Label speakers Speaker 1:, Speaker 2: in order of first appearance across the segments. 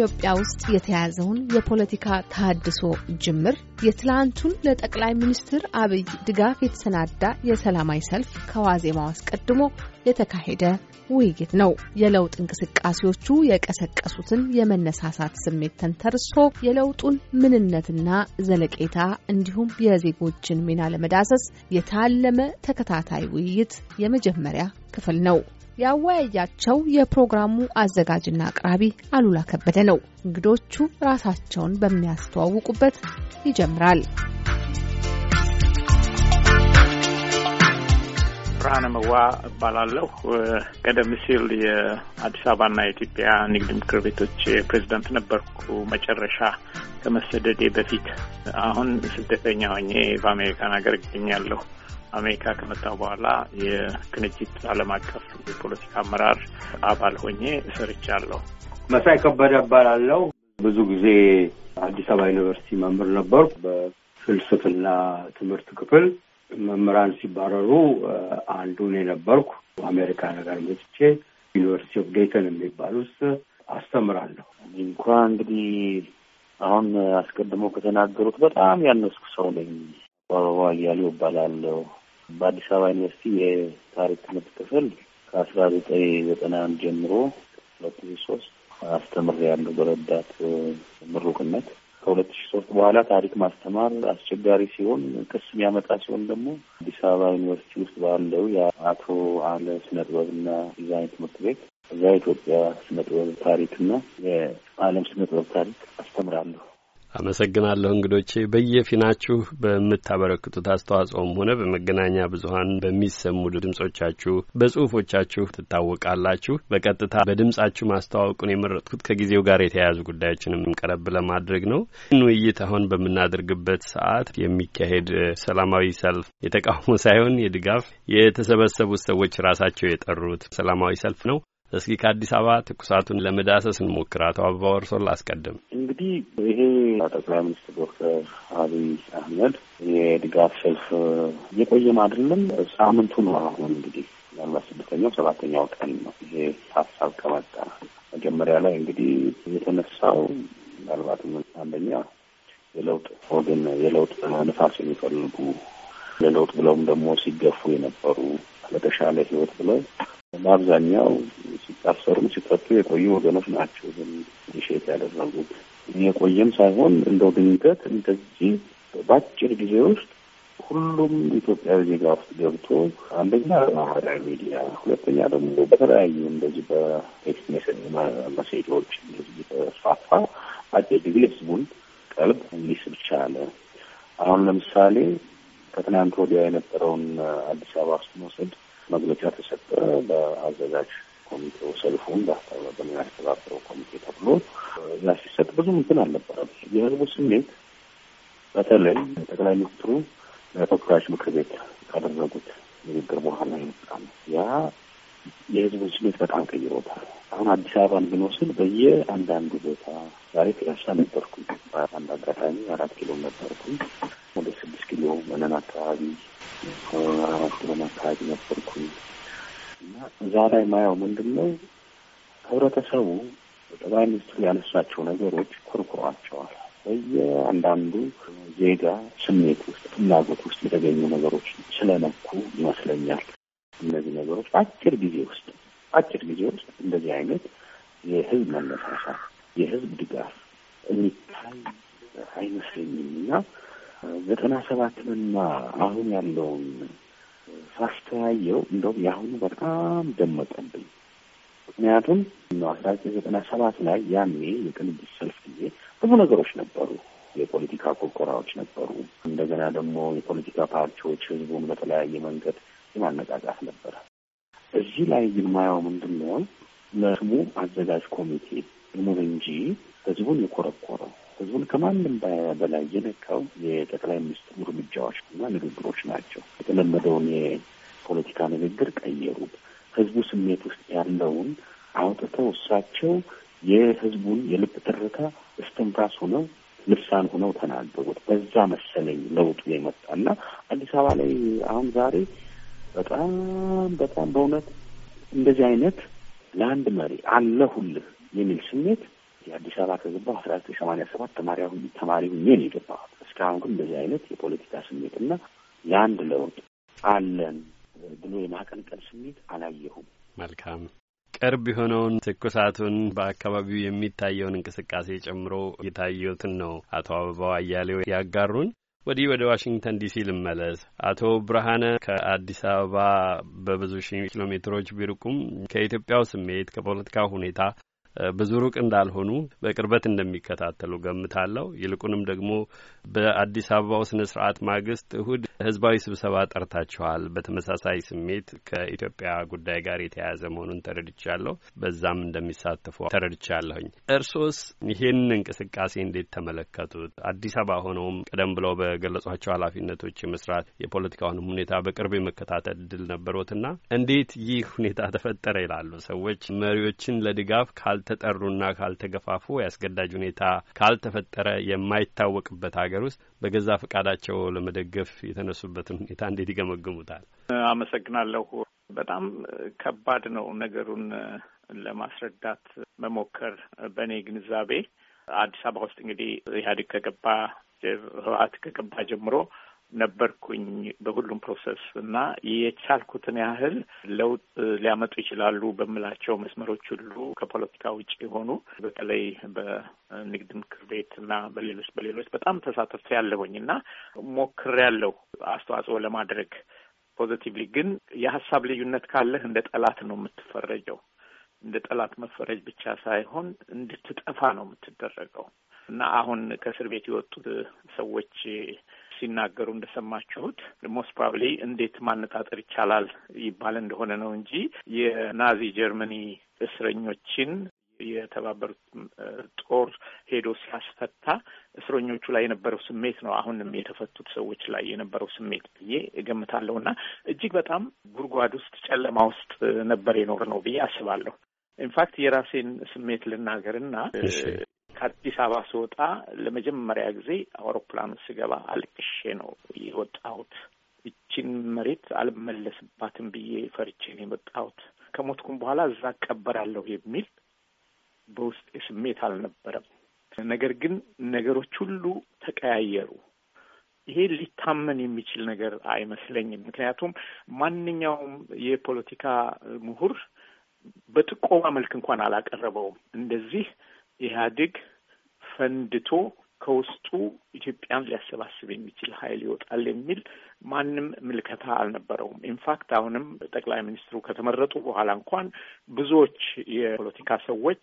Speaker 1: ኢትዮጵያ ውስጥ የተያዘውን የፖለቲካ ተሃድሶ ጅምር የትላንቱን ለጠቅላይ ሚኒስትር አብይ ድጋፍ የተሰናዳ የሰላማዊ ሰልፍ ከዋዜማው አስቀድሞ የተካሄደ ውይይት ነው። የለውጥ እንቅስቃሴዎቹ የቀሰቀሱትን የመነሳሳት ስሜት ተንተርሶ የለውጡን ምንነትና ዘለቄታ እንዲሁም የዜጎችን ሚና ለመዳሰስ የታለመ ተከታታይ ውይይት የመጀመሪያ ክፍል ነው። ያወያያቸው የፕሮግራሙ አዘጋጅና አቅራቢ አሉላ ከበደ ነው። እንግዶቹ ራሳቸውን በሚያስተዋውቁበት ይጀምራል።
Speaker 2: ብርሃነ መዋ እባላለሁ። ቀደም ሲል የአዲስ አበባና የኢትዮጵያ ንግድ ምክር ቤቶች ፕሬዚዳንት ነበርኩ መጨረሻ ከመሰደዴ በፊት። አሁን ስደተኛ ሆኜ በአሜሪካን ሀገር እገኛለሁ። አሜሪካ ከመጣሁ በኋላ የክንጅት ዓለም አቀፍ የፖለቲካ አመራር አባል ሆኜ ሰርቻለሁ። መሳይ ከበደ
Speaker 3: እባላለሁ። ብዙ ጊዜ አዲስ አበባ ዩኒቨርሲቲ መምህር ነበርኩ። በፍልስፍና ትምህርት ክፍል መምህራን ሲባረሩ አንዱ እኔ ነበርኩ።
Speaker 1: አሜሪካ ነገር መጥቼ ዩኒቨርሲቲ ኦፍ ዴይተን የሚባል ውስጥ አስተምራለሁ። እንኳ እንግዲህ አሁን አስቀድሞ ከተናገሩት በጣም ያነስኩ ሰው ነኝ። አበባ እያሌው እባላለሁ። በአዲስ አበባ ዩኒቨርሲቲ የታሪክ ትምህርት ክፍል ከአስራ ዘጠኝ ዘጠና አንድ ጀምሮ ሁለት ሺ ሶስት ያለው በረዳት ምሩቅነት። ከሁለት ሺ ሶስት በኋላ ታሪክ ማስተማር አስቸጋሪ ሲሆን ክስ የሚያመጣ ሲሆን ደግሞ አዲስ አበባ ዩኒቨርሲቲ ውስጥ ባለው የአቶ አለ ስነ ጥበብና ዲዛይን ትምህርት ቤት እዛ የኢትዮጵያ ስነ ጥበብ ታሪክና የዓለም ስነ ጥበብ ታሪክ አስተምራለሁ።
Speaker 4: አመሰግናለሁ እንግዶቼ በየፊናችሁ በምታበረክቱት አስተዋጽኦም ሆነ በመገናኛ ብዙኃን በሚሰሙ ድምጾቻችሁ በጽሁፎቻችሁ ትታወቃላችሁ። በቀጥታ በድምጻችሁ ማስተዋወቁን የመረጥኩት ከጊዜው ጋር የተያያዙ ጉዳዮችንም ቀረብ ለማድረግ ነው። ይህን ውይይት አሁን በምናደርግበት ሰዓት የሚካሄድ ሰላማዊ ሰልፍ የተቃውሞ ሳይሆን የድጋፍ የተሰበሰቡት ሰዎች ራሳቸው የጠሩት ሰላማዊ ሰልፍ ነው። እስኪ ከአዲስ አበባ ትኩሳቱን ለመዳሰስ እንሞክር። አቶ አበባ ወርሶ ላስቀድም።
Speaker 1: እንግዲህ ይሄ ጠቅላይ ሚኒስትር ዶክተር አብይ አህመድ የድጋፍ ሰልፍ እየቆየም አይደለም፣ ሳምንቱ ነው። አሁን እንግዲህ ምናልባት ስድስተኛው ሰባተኛው ቀን ነው ይሄ ሀሳብ ከመጣ መጀመሪያ ላይ እንግዲህ የተነሳው ምናልባትም አንደኛ የለውጥ ወገን የለውጥ ንፋስ የሚፈልጉ ለለውጥ ብለውም ደግሞ ሲገፉ የነበሩ ለተሻለ ህይወት ብለው በአብዛኛው ሲታሰሩም ሲፈቱ የቆዩ ወገኖች ናቸው። ሼት ያደረጉት የቆየም ሳይሆን እንደው ድንገት እንደዚህ በአጭር ጊዜ ውስጥ ሁሉም ኢትዮጵያዊ ዜጋ ውስጥ ገብቶ አንደኛ በማህበራዊ ሚዲያ፣ ሁለተኛ ደግሞ በተለያዩ እንደዚህ በቴክስት ሜሴጅ መሴጆች እንደዚህ አጭር ጊዜ ህዝቡን ቀልብ ሊስብ ቻለ። አሁን ለምሳሌ ከትናንት ወዲያ የነበረውን አዲስ አበባ ውስጥ መውሰድ መግለጫ ተሰጠ። በአዘጋጅ ኮሚቴው ሰልፉን በሚያስተባብረው ኮሚቴ ተብሎ እዛ ሲሰጥ ብዙ እንትን አልነበረም። የህዝቡ ስሜት በተለይ ጠቅላይ ሚኒስትሩ ለተወካዮች ምክር ቤት ካደረጉት ንግግር በኋላ የመጣ ነው። ያ የህዝቡን ስሜት በጣም ቀይሮታል። አሁን አዲስ አበባን ብንወስድ በየአንዳንዱ ቦታ ዛሬ ፒያሳ ነበርኩኝ፣ በአንድ አጋጣሚ አራት ኪሎ ነበርኩኝ። ወደ ስድስት ኪሎ መለን አካባቢ አራት ኪሎን አካባቢ ነበርኩኝ እና እዛ ላይ ማየው ምንድን ነው ህብረተሰቡ ጠቅላይ ሚኒስትሩ ያነሳቸው ነገሮች ኮርኩሯቸዋል። በየአንዳንዱ ዜጋ ስሜት ውስጥ ፍላጎት ውስጥ የተገኙ ነገሮች ስለነኩ ይመስለኛል። እነዚህ ነገሮች አጭር ጊዜ ውስጥ አጭር ጊዜ ውስጥ እንደዚህ አይነት የህዝብ መነሳሳት፣ የህዝብ ድጋፍ የሚታይ አይመስለኝም እና ዘጠና ሰባትንና አሁን ያለውን ሳስተያየው እንደውም የአሁኑ በጣም ደመቀብኝ። ምክንያቱም አስራ ዘጠኝ ዘጠና ሰባት ላይ ያኔ የቅንጅት ሰልፍ ጊዜ ብዙ ነገሮች ነበሩ። የፖለቲካ ኮርኮራዎች ነበሩ። እንደገና ደግሞ የፖለቲካ ፓርቲዎች ህዝቡን በተለያየ መንገድ የማነቃቃት ነበረ። እዚህ ላይ ግን ማየው ምንድን ነው ለስሙ አዘጋጅ ኮሚቴ ይሙን እንጂ ህዝቡን የኮረኮረው ህዝቡን ከማንም በላይ የነካው የጠቅላይ ሚኒስትሩ እርምጃዎች ና ንግግሮች ናቸው። የተለመደውን የፖለቲካ ንግግር ቀየሩ ህዝቡ ስሜት ውስጥ ያለውን አውጥተው እሳቸው የህዝቡን የልብ ትርታ እስትንፋስ ሆነው ልሳን ሆነው ተናገሩት። በዛ መሰለኝ ለውጡ የመጣና አዲስ አበባ ላይ አሁን ዛሬ በጣም በጣም በእውነት እንደዚህ አይነት ለአንድ መሪ አለሁልህ የሚል ስሜት የአዲስ አበባ ከገባሁ አስራ ዘጠኝ ሰማንያ ሰባት ተማሪ ተማሪ ሁኜ ነው የገባሁት። እስካሁን ግን በዚህ አይነት የፖለቲካ ስሜትና የአንድ ለውጥ አለን ብሎ የማቀንቀን ስሜት አላየሁም። መልካም
Speaker 4: ቅርብ የሆነውን ትኩሳቱን በአካባቢው የሚታየውን እንቅስቃሴ ጨምሮ የታየትን ነው አቶ አበባው አያሌው ያጋሩን። ወዲህ ወደ ዋሽንግተን ዲሲ ልመለስ። አቶ ብርሃነ ከአዲስ አበባ በብዙ ሺህ ኪሎ ሜትሮች ቢርቁም ከኢትዮጵያው ስሜት ከፖለቲካው ሁኔታ ብዙ ሩቅ እንዳልሆኑ በቅርበት እንደሚከታተሉ ገምታለሁ። ይልቁንም ደግሞ በአዲስ አበባው ስነ ስርዓት ማግስት እሁድ ህዝባዊ ስብሰባ ጠርታችኋል። በተመሳሳይ ስሜት ከኢትዮጵያ ጉዳይ ጋር የተያያዘ መሆኑን ተረድቻለሁ። በዛም እንደሚሳተፉ ተረድቻለሁኝ። እርሶስ ይህን እንቅስቃሴ እንዴት ተመለከቱት? አዲስ አበባ ሆነውም ቀደም ብለው በገለጿቸው ኃላፊነቶች የመስራት የፖለቲካውንም ሁኔታ በቅርብ የመከታተል እድል ነበሮትና እንዴት ይህ ሁኔታ ተፈጠረ ይላሉ ሰዎች መሪዎችን ለድጋፍ ካልተጠሩና ካልተገፋፉ ያስገዳጅ ሁኔታ ካልተፈጠረ የማይታወቅበት ሀገር ውስጥ በገዛ ፈቃዳቸው ለመደገፍ የተነሱበትን ሁኔታ እንዴት ይገመግሙታል?
Speaker 2: አመሰግናለሁ። በጣም ከባድ ነው ነገሩን ለማስረዳት መሞከር። በእኔ ግንዛቤ አዲስ አበባ ውስጥ እንግዲህ ኢህአዴግ ከገባ ህወሀት ከገባ ጀምሮ ነበርኩኝ በሁሉም ፕሮሰስ እና የቻልኩትን ያህል ለውጥ ሊያመጡ ይችላሉ በምላቸው መስመሮች ሁሉ ከፖለቲካ ውጭ የሆኑ በተለይ በንግድ ምክር ቤት እና በሌሎች በሌሎች በጣም ተሳተፍ ያለሁኝ እና ሞክር ያለው አስተዋጽኦ ለማድረግ ፖዘቲቭሊ። ግን የሀሳብ ልዩነት ካለህ እንደ ጠላት ነው የምትፈረጀው። እንደ ጠላት መፈረጅ ብቻ ሳይሆን እንድትጠፋ ነው የምትደረገው እና አሁን ከእስር ቤት የወጡት ሰዎች ሲናገሩ እንደሰማችሁት ሞስት ፕሮባብሊ እንዴት ማነጣጠር ይቻላል ይባል እንደሆነ ነው እንጂ የናዚ ጀርመኒ እስረኞችን የተባበሩት ጦር ሄዶ ሲያስፈታ እስረኞቹ ላይ የነበረው ስሜት ነው አሁንም የተፈቱት ሰዎች ላይ የነበረው ስሜት ብዬ እገምታለሁ። እና እጅግ በጣም ጉድጓድ ውስጥ ጨለማ ውስጥ ነበር የኖር ነው ብዬ አስባለሁ። ኢንፋክት የራሴን ስሜት ልናገርና ከአዲስ አበባ ስወጣ ለመጀመሪያ ጊዜ አውሮፕላን ስገባ አልቅሼ ነው የወጣሁት። ይችን መሬት አልመለስባትም ብዬ ፈርቼ ነው የወጣሁት። ከሞትኩም በኋላ እዛ እቀበራለሁ የሚል በውስጤ ስሜት አልነበረም። ነገር ግን ነገሮች ሁሉ ተቀያየሩ። ይሄ ሊታመን የሚችል ነገር አይመስለኝም። ምክንያቱም ማንኛውም የፖለቲካ ምሁር በጥቆማ መልክ እንኳን አላቀረበውም። እንደዚህ ኢህአዴግ ፈንድቶ ከውስጡ ኢትዮጵያን ሊያሰባስብ የሚችል ኃይል ይወጣል የሚል ማንም ምልከታ አልነበረውም። ኢንፋክት አሁንም ጠቅላይ ሚኒስትሩ ከተመረጡ በኋላ እንኳን ብዙዎች የፖለቲካ ሰዎች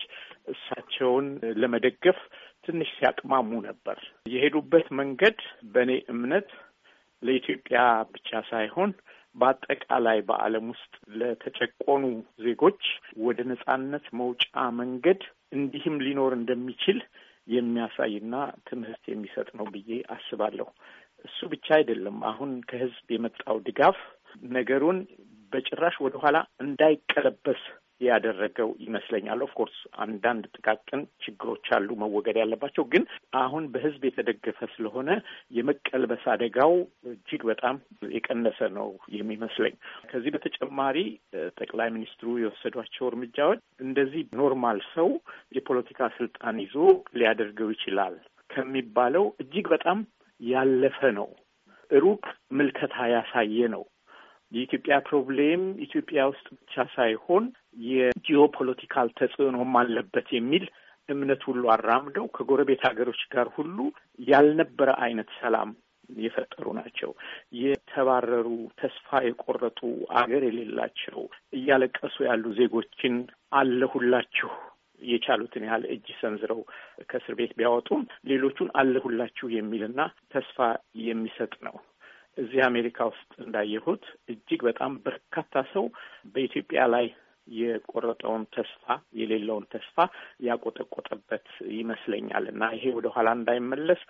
Speaker 2: እሳቸውን ለመደገፍ ትንሽ ሲያቅማሙ ነበር። የሄዱበት መንገድ በእኔ እምነት ለኢትዮጵያ ብቻ ሳይሆን በአጠቃላይ በዓለም ውስጥ ለተጨቆኑ ዜጎች ወደ ነጻነት መውጫ መንገድ እንዲህም ሊኖር እንደሚችል የሚያሳይና ትምህርት የሚሰጥ ነው ብዬ አስባለሁ። እሱ ብቻ አይደለም። አሁን ከህዝብ የመጣው ድጋፍ ነገሩን በጭራሽ ወደኋላ እንዳይቀለበስ ያደረገው ይመስለኛል። ኦፍኮርስ አንዳንድ ጥቃቅን ችግሮች አሉ መወገድ ያለባቸው፣ ግን አሁን በህዝብ የተደገፈ ስለሆነ የመቀልበስ አደጋው እጅግ በጣም የቀነሰ ነው የሚመስለኝ። ከዚህ በተጨማሪ ጠቅላይ ሚኒስትሩ የወሰዷቸው እርምጃዎች እንደዚህ ኖርማል ሰው የፖለቲካ ስልጣን ይዞ ሊያደርገው ይችላል ከሚባለው እጅግ በጣም ያለፈ ነው። ሩቅ ምልከታ ያሳየ ነው። የኢትዮጵያ ፕሮብሌም ኢትዮጵያ ውስጥ ብቻ ሳይሆን የጂኦፖለቲካል ተጽዕኖም አለበት የሚል እምነት ሁሉ አራምደው ከጎረቤት ሀገሮች ጋር ሁሉ ያልነበረ አይነት ሰላም የፈጠሩ ናቸው። የተባረሩ ተስፋ የቆረጡ አገር የሌላቸው እያለቀሱ ያሉ ዜጎችን አለሁላችሁ የቻሉትን ያህል እጅ ሰንዝረው ከእስር ቤት ቢያወጡም ሌሎቹን አለሁላችሁ የሚልና ተስፋ የሚሰጥ ነው። እዚህ አሜሪካ ውስጥ እንዳየሁት እጅግ በጣም በርካታ ሰው በኢትዮጵያ ላይ የቆረጠውን ተስፋ የሌለውን ተስፋ ያቆጠቆጠበት ይመስለኛል እና ይሄ ኋላ እንዳይመለስ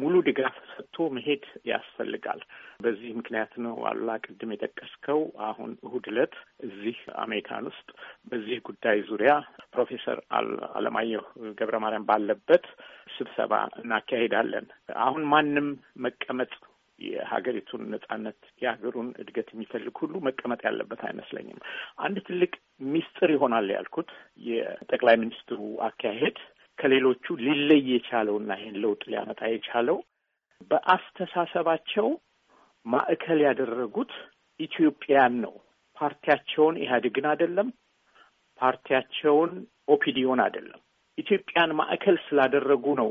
Speaker 2: ሙሉ ድጋፍ ሰጥቶ መሄድ ያስፈልጋል። በዚህ ምክንያት ነው አሉላ ቅድም የጠቀስከው አሁን እሁድ ዕለት እዚህ አሜሪካን ውስጥ በዚህ ጉዳይ ዙሪያ ፕሮፌሰር አለማየሁ ገብረ ማርያም ባለበት ስብሰባ እናካሄዳለን። አሁን ማንም መቀመጥ የሀገሪቱን ነጻነት የሀገሩን እድገት የሚፈልግ ሁሉ መቀመጥ ያለበት አይመስለኝም። አንድ ትልቅ ሚስጥር ይሆናል ያልኩት የጠቅላይ ሚኒስትሩ አካሄድ ከሌሎቹ ሊለይ የቻለውና ይህን ለውጥ ሊያመጣ የቻለው በአስተሳሰባቸው ማዕከል ያደረጉት ኢትዮጵያን ነው። ፓርቲያቸውን ኢህአዴግን አይደለም፣ ፓርቲያቸውን ኦፒዲዮን አይደለም። ኢትዮጵያን ማዕከል ስላደረጉ ነው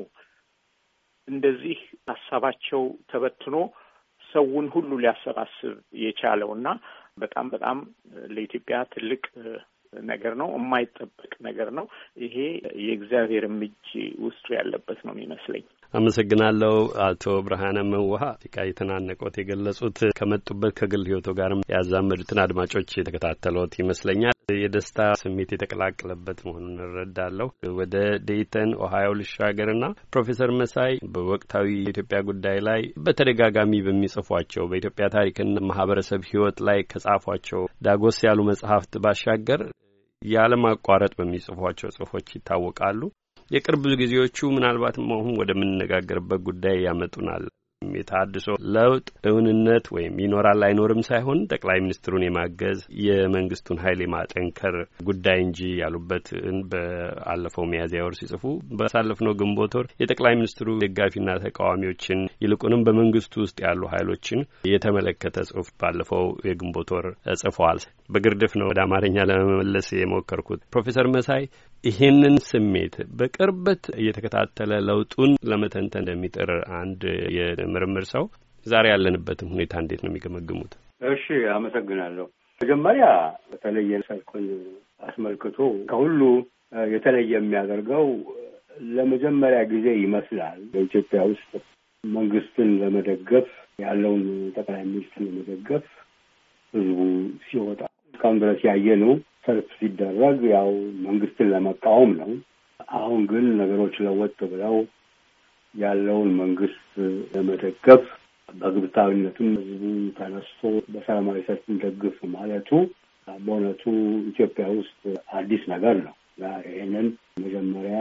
Speaker 2: እንደዚህ ሀሳባቸው ተበትኖ ሰውን ሁሉ ሊያሰባስብ የቻለው እና በጣም በጣም ለኢትዮጵያ ትልቅ ነገር ነው። የማይጠበቅ ነገር ነው። ይሄ የእግዚአብሔር እጅ ውስጡ ያለበት ነው የሚመስለኝ።
Speaker 4: አመሰግናለሁ አቶ ብርሃነ መውሃ ቃ የተናነቆት የገለጹት ከመጡበት ከግል ህይወቶ ጋርም ያዛመዱትን አድማጮች የተከታተሉት ይመስለኛል። የደስታ ስሜት የተቀላቀለበት መሆኑን እንረዳለሁ። ወደ ዴይተን ኦሃዮ ልሻገርና ፕሮፌሰር መሳይ በወቅታዊ የኢትዮጵያ ጉዳይ ላይ በተደጋጋሚ በሚጽፏቸው በኢትዮጵያ ታሪክና ማህበረሰብ ህይወት ላይ ከጻፏቸው ዳጎስ ያሉ መጽሐፍት ባሻገር ያለማቋረጥ በሚጽፏቸው ጽሁፎች ይታወቃሉ። የቅርብ ጊዜዎቹ ምናልባትም አሁን ወደምንነጋገርበት ጉዳይ ያመጡናል። የታድሶ ለውጥ እውንነት ወይም ይኖራል አይኖርም ሳይሆን ጠቅላይ ሚኒስትሩን የማገዝ የመንግስቱን ኃይል የማጠንከር ጉዳይ እንጂ ያሉበትን በአለፈው ሚያዝያ ወር ሲጽፉ ባሳለፍነው ግንቦት ወር የጠቅላይ ሚኒስትሩ ደጋፊና ተቃዋሚዎችን ይልቁንም በመንግስቱ ውስጥ ያሉ ኃይሎችን የተመለከተ ጽሁፍ ባለፈው የግንቦት ወር ጽፈዋል። በግርድፍ ነው ወደ አማርኛ ለመመለስ የሞከርኩት። ፕሮፌሰር መሳይ ይሄንን ስሜት በቅርበት እየተከታተለ ለውጡን ለመተንተን እንደሚጥር አንድ የምርምር ሰው ዛሬ ያለንበትም ሁኔታ እንዴት ነው የሚገመግሙት?
Speaker 3: እሺ፣ አመሰግናለሁ። መጀመሪያ በተለየ ሰልኩን አስመልክቶ ከሁሉ የተለየ የሚያደርገው ለመጀመሪያ ጊዜ ይመስላል በኢትዮጵያ ውስጥ መንግስትን ለመደገፍ ያለውን ጠቅላይ ሚኒስትር ለመደገፍ ህዝቡ ሲወጣ እስካሁን ድረስ ያየ ነው ሰልፍ ሲደረግ ያው መንግስትን ለመቃወም ነው። አሁን ግን ነገሮች ለወጥ ብለው ያለውን መንግስት ለመደገፍ በግብታዊነትም ህዝቡ ተነስቶ በሰላማዊ ሰልፍ እንደግፍ ማለቱ በእውነቱ ኢትዮጵያ ውስጥ አዲስ ነገር ነው። ይህንን መጀመሪያ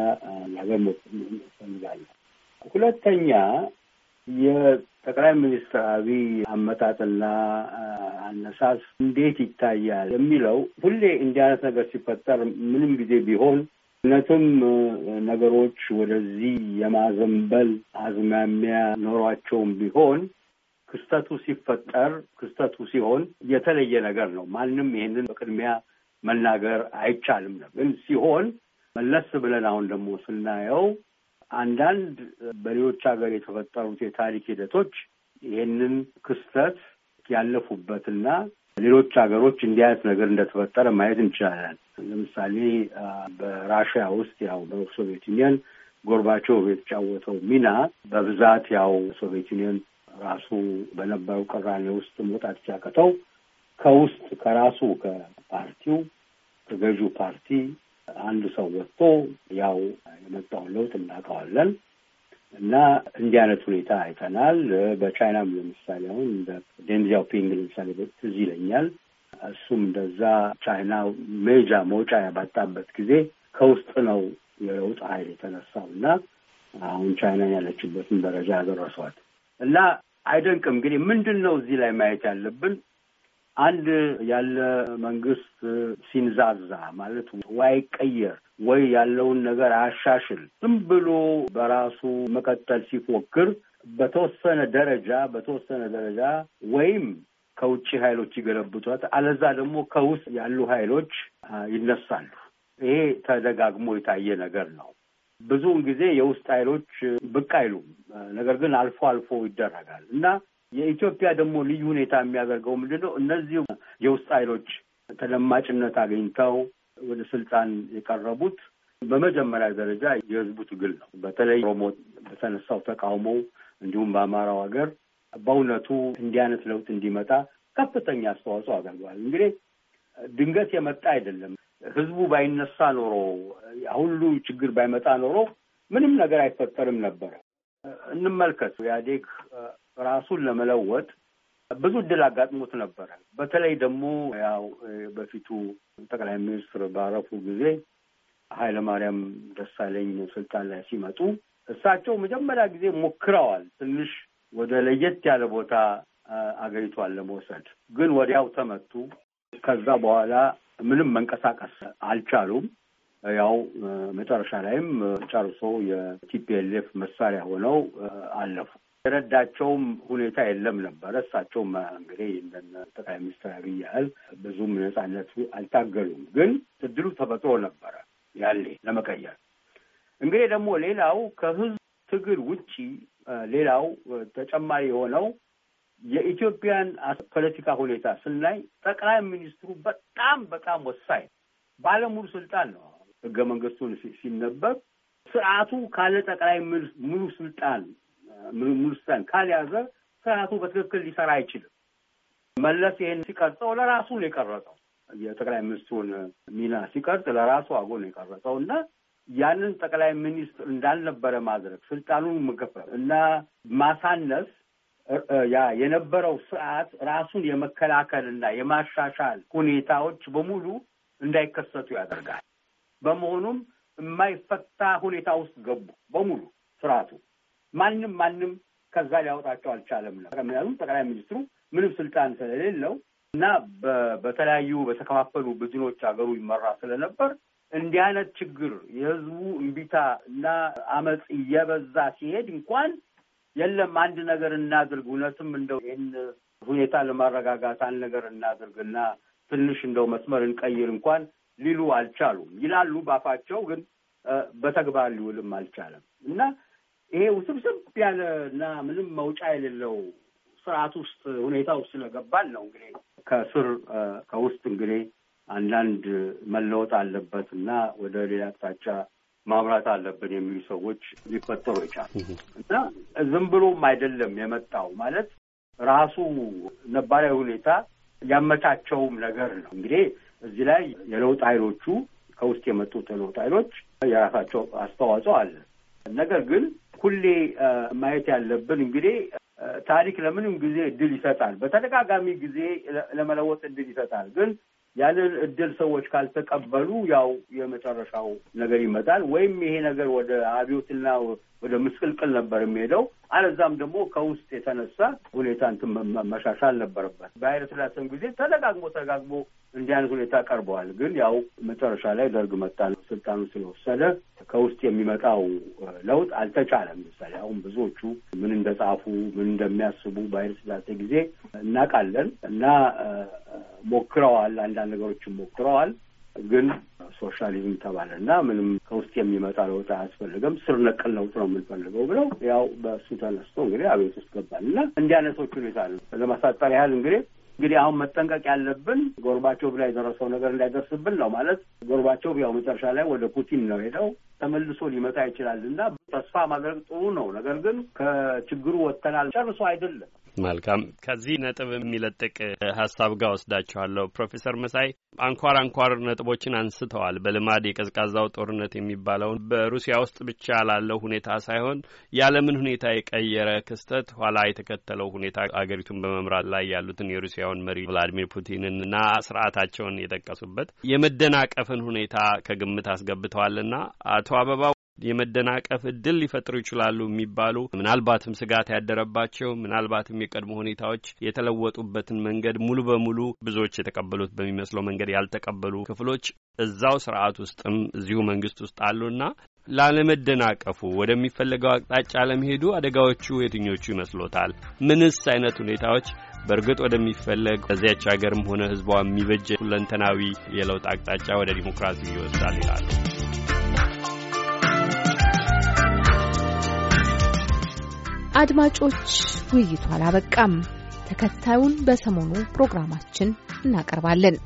Speaker 3: ነገር ፈልጋለሁ። ሁለተኛ የጠቅላይ ሚኒስትር አብይ አመጣጥና አነሳስ እንዴት ይታያል የሚለው ሁሌ እንዲህ አይነት ነገር ሲፈጠር ምንም ጊዜ ቢሆን እውነትም ነገሮች ወደዚህ የማዘንበል አዝማሚያ ኖሯቸውም ቢሆን ክስተቱ ሲፈጠር ክስተቱ ሲሆን የተለየ ነገር ነው። ማንም ይሄንን በቅድሚያ መናገር አይቻልም ነው። ግን ሲሆን መለስ ብለን አሁን ደግሞ ስናየው አንዳንድ በሌሎች ሀገር የተፈጠሩት የታሪክ ሂደቶች ይህንን ክስተት ያለፉበትና ሌሎች ሀገሮች እንዲህ አይነት ነገር እንደተፈጠረ ማየት እንችላለን። ለምሳሌ በራሽያ ውስጥ ያው በሶቪየት ዩኒየን ጎርባቾቭ የተጫወተው ሚና በብዛት ያው ሶቪየት ዩኒየን ራሱ በነበረው ቅራኔ ውስጥ መውጣት ሲያቅተው ከውስጥ ከራሱ ከፓርቲው ከገዢው ፓርቲ አንድ ሰው ወጥቶ ያው የመጣውን ለውጥ እናውቀዋለን እና እንዲህ አይነት ሁኔታ አይተናል። በቻይናም ለምሳሌ አሁን ደንግ ዚያኦፒንግ ለምሳሌ ትዝ ይለኛል። እሱም እንደዛ ቻይና መጃ መውጫ ያባጣበት ጊዜ ከውስጥ ነው የለውጥ ኃይል የተነሳው እና አሁን ቻይና ያለችበትን ደረጃ ያደረሷት እና አይደንቅም። እንግዲህ ምንድን ነው እዚህ ላይ ማየት ያለብን አንድ ያለ መንግስት ሲንዛዛ ማለት ወይ ቀየር ወይ ያለውን ነገር አያሻሽል ዝም ብሎ በራሱ መቀጠል ሲፎክር በተወሰነ ደረጃ በተወሰነ ደረጃ ወይም ከውጭ ኃይሎች ይገለብቷት፣ አለዛ ደግሞ ከውስጥ ያሉ ኃይሎች ይነሳሉ። ይሄ ተደጋግሞ የታየ ነገር ነው። ብዙውን ጊዜ የውስጥ ኃይሎች ብቅ አይሉም። ነገር ግን አልፎ አልፎ ይደረጋል እና የኢትዮጵያ ደግሞ ልዩ ሁኔታ የሚያደርገው ምንድን ነው? እነዚህ የውስጥ ኃይሎች ተደማጭነት አግኝተው ወደ ስልጣን የቀረቡት በመጀመሪያ ደረጃ የህዝቡ ትግል ነው። በተለይ ኦሮሞ በተነሳው ተቃውሞ እንዲሁም በአማራው ሀገር በእውነቱ እንዲህ አይነት ለውጥ እንዲመጣ ከፍተኛ አስተዋጽኦ አድርገዋል። እንግዲህ ድንገት የመጣ አይደለም። ህዝቡ ባይነሳ ኖሮ ሁሉ ችግር ባይመጣ ኖሮ ምንም ነገር አይፈጠርም ነበረ። እንመልከት ኢህአዴግ ራሱን ለመለወጥ ብዙ እድል አጋጥሞት ነበረ። በተለይ ደግሞ ያው በፊቱ ጠቅላይ ሚኒስትር ባረፉ ጊዜ ኃይለማርያም ደሳለኝ ስልጣን ላይ ሲመጡ እሳቸው መጀመሪያ ጊዜ ሞክረዋል ትንሽ ወደ ለየት ያለ ቦታ አገሪቷን ለመውሰድ ግን ወዲያው ተመቱ። ከዛ በኋላ ምንም መንቀሳቀስ አልቻሉም። ያው መጨረሻ ላይም ጨርሶ የቲፒኤልኤፍ መሳሪያ ሆነው አለፉ። የረዳቸውም ሁኔታ የለም ነበረ። እሳቸውም እንግዲህ እንደ ጠቅላይ ሚኒስትር አብይ ያህል ብዙም ነጻነት አልታገሉም፣ ግን እድሉ ተፈጥሮ ነበረ
Speaker 1: ያሌ ለመቀየር።
Speaker 3: እንግዲህ ደግሞ ሌላው ከህዝብ ትግል ውጪ ሌላው ተጨማሪ የሆነው የኢትዮጵያን ፖለቲካ ሁኔታ ስናይ ጠቅላይ ሚኒስትሩ በጣም በጣም ወሳኝ ባለሙሉ ስልጣን ነው። ህገ መንግስቱን ሲነበብ ስርዓቱ ካለ ጠቅላይ ሙሉ ስልጣን ሙልስተን ካልያዘ ስርዓቱ በትክክል ሊሰራ አይችልም። መለስ ይህን ሲቀርጸው ለራሱ ነው የቀረጸው። የጠቅላይ ሚኒስትሩን ሚና ሲቀርጽ ለራሱ አጎ ነው የቀረጸው እና ያንን ጠቅላይ ሚኒስትር እንዳልነበረ ማድረግ ስልጣኑን መገፈፍ እና ማሳነስ ያ የነበረው ስርዓት ራሱን የመከላከል እና የማሻሻል ሁኔታዎች በሙሉ እንዳይከሰቱ ያደርጋል። በመሆኑም የማይፈታ ሁኔታ ውስጥ ገቡ በሙሉ ስርዓቱ ማንም ማንም ከዛ ሊያወጣቸው አልቻለም ነው። ምክንያቱም ጠቅላይ ሚኒስትሩ ምንም ስልጣን ስለሌለው እና በተለያዩ በተከፋፈሉ ብድኖች ሀገሩ ይመራ ስለነበር እንዲህ አይነት ችግር የህዝቡ እምቢታ እና አመፅ እየበዛ ሲሄድ እንኳን የለም አንድ ነገር እናድርግ፣ እውነትም እንደው ይህን ሁኔታ ለማረጋጋት አንድ ነገር እናድርግ እና ትንሽ እንደው መስመር እንቀይር እንኳን ሊሉ አልቻሉም። ይላሉ ባፋቸው፣ ግን በተግባር ሊውልም አልቻለም እና ይሄ ውስብስብ ያለ እና ምንም መውጫ የሌለው ስርዓት ውስጥ ሁኔታ ውስጥ ስለገባን ነው እንግዲህ ከስር ከውስጥ እንግዲህ አንዳንድ መለወጥ አለበት እና ወደ ሌላ አቅጣጫ ማምራት አለብን የሚሉ ሰዎች ሊፈጠሩ ይቻል እና ዝም ብሎም አይደለም የመጣው ማለት ራሱ ነባራዊ ሁኔታ ያመቻቸውም ነገር ነው። እንግዲህ እዚህ ላይ የለውጥ ኃይሎቹ ከውስጥ የመጡት የለውጥ ኃይሎች የራሳቸው አስተዋጽኦ አለ። ነገር ግን ሁሌ ማየት ያለብን እንግዲህ ታሪክ ለምንም ጊዜ እድል ይሰጣል፣ በተደጋጋሚ ጊዜ ለመለወጥ እድል ይሰጣል። ግን ያንን እድል ሰዎች ካልተቀበሉ ያው የመጨረሻው ነገር ይመጣል። ወይም ይሄ ነገር ወደ አብዮትና ወደ ምስቅልቅል ነበር የሚሄደው። አለዛም ደግሞ ከውስጥ የተነሳ ሁኔታ እንትን መሻሻል ነበረበት። በኃይለ ሥላሴም ጊዜ ተደጋግሞ ተደጋግሞ እንዲያን ሁኔታ ቀርበዋል። ግን ያው መጨረሻ ላይ ደርግ መጣ ነው ስልጣኑ ስለወሰደ ከውስጥ የሚመጣው ለውጥ አልተቻለም። ምሳሌ አሁን ብዙዎቹ ምን እንደጻፉ ምን እንደሚያስቡ በኃይለ ሥላሴ ጊዜ እናውቃለን እና ሞክረዋል። አንዳንድ ነገሮችን ሞክረዋል። ግን ሶሻሊዝም ተባለ እና ምንም ከውስጥ የሚመጣ ለውጥ አያስፈልገም፣ ስር ነቀል ለውጥ ነው የምንፈልገው ብለው ያው በሱ ተነስቶ እንግዲህ አቤት ውስጥ ገባል እና እንዲህ አይነቶች ሁኔታ ለማሳጠር ያህል እንግዲህ እንግዲህ አሁን መጠንቀቅ ያለብን ጎርባቾቭ ላይ የደረሰው ነገር እንዳይደርስብን ነው። ማለት ጎርባቾቭ ያው መጨረሻ ላይ ወደ ፑቲን ነው ሄደው ተመልሶ ሊመጣ ይችላል እና ተስፋ ማድረግ ጥሩ ነው። ነገር ግን ከችግሩ ወጥተናል ጨርሶ አይደለም።
Speaker 4: መልካም ከዚህ ነጥብ የሚለጥቅ ሀሳብ ጋር ወስዳችኋለሁ። ፕሮፌሰር መሳይ አንኳር አንኳር ነጥቦችን አንስተዋል። በልማድ የቀዝቃዛው ጦርነት የሚባለውን በሩሲያ ውስጥ ብቻ ላለው ሁኔታ ሳይሆን የዓለምን ሁኔታ የቀየረ ክስተት ኋላ የተከተለው ሁኔታ አገሪቱን በመምራት ላይ ያሉትን የሩሲያውን መሪ ቭላዲሚር ፑቲንንና ስርዓታቸውን የጠቀሱበት የመደናቀፍን ሁኔታ ከግምት አስገብተዋልና አቶ አበባ የመደናቀፍ እድል ሊፈጥሩ ይችላሉ የሚባሉ ምናልባትም ስጋት ያደረባቸው ምናልባትም የቀድሞ ሁኔታዎች የተለወጡበትን መንገድ ሙሉ በሙሉ ብዙዎች የተቀበሉት በሚመስለው መንገድ ያልተቀበሉ ክፍሎች እዛው ስርዓት ውስጥም እዚሁ መንግስት ውስጥ አሉና ላለመደናቀፉ ወደሚፈለገው አቅጣጫ ለመሄዱ አደጋዎቹ የትኞቹ ይመስሎታል? ምንስ አይነት ሁኔታዎች በእርግጥ ወደሚፈለግ በዚያች ሀገርም ሆነ ህዝቧ የሚበጀ ሁለንተናዊ የለውጥ አቅጣጫ ወደ ዲሞክራሲ ይወስዳል ይላሉ?
Speaker 1: አድማጮች፣ ውይይቱ አላበቃም። ተከታዩን በሰሞኑ ፕሮግራማችን እናቀርባለን።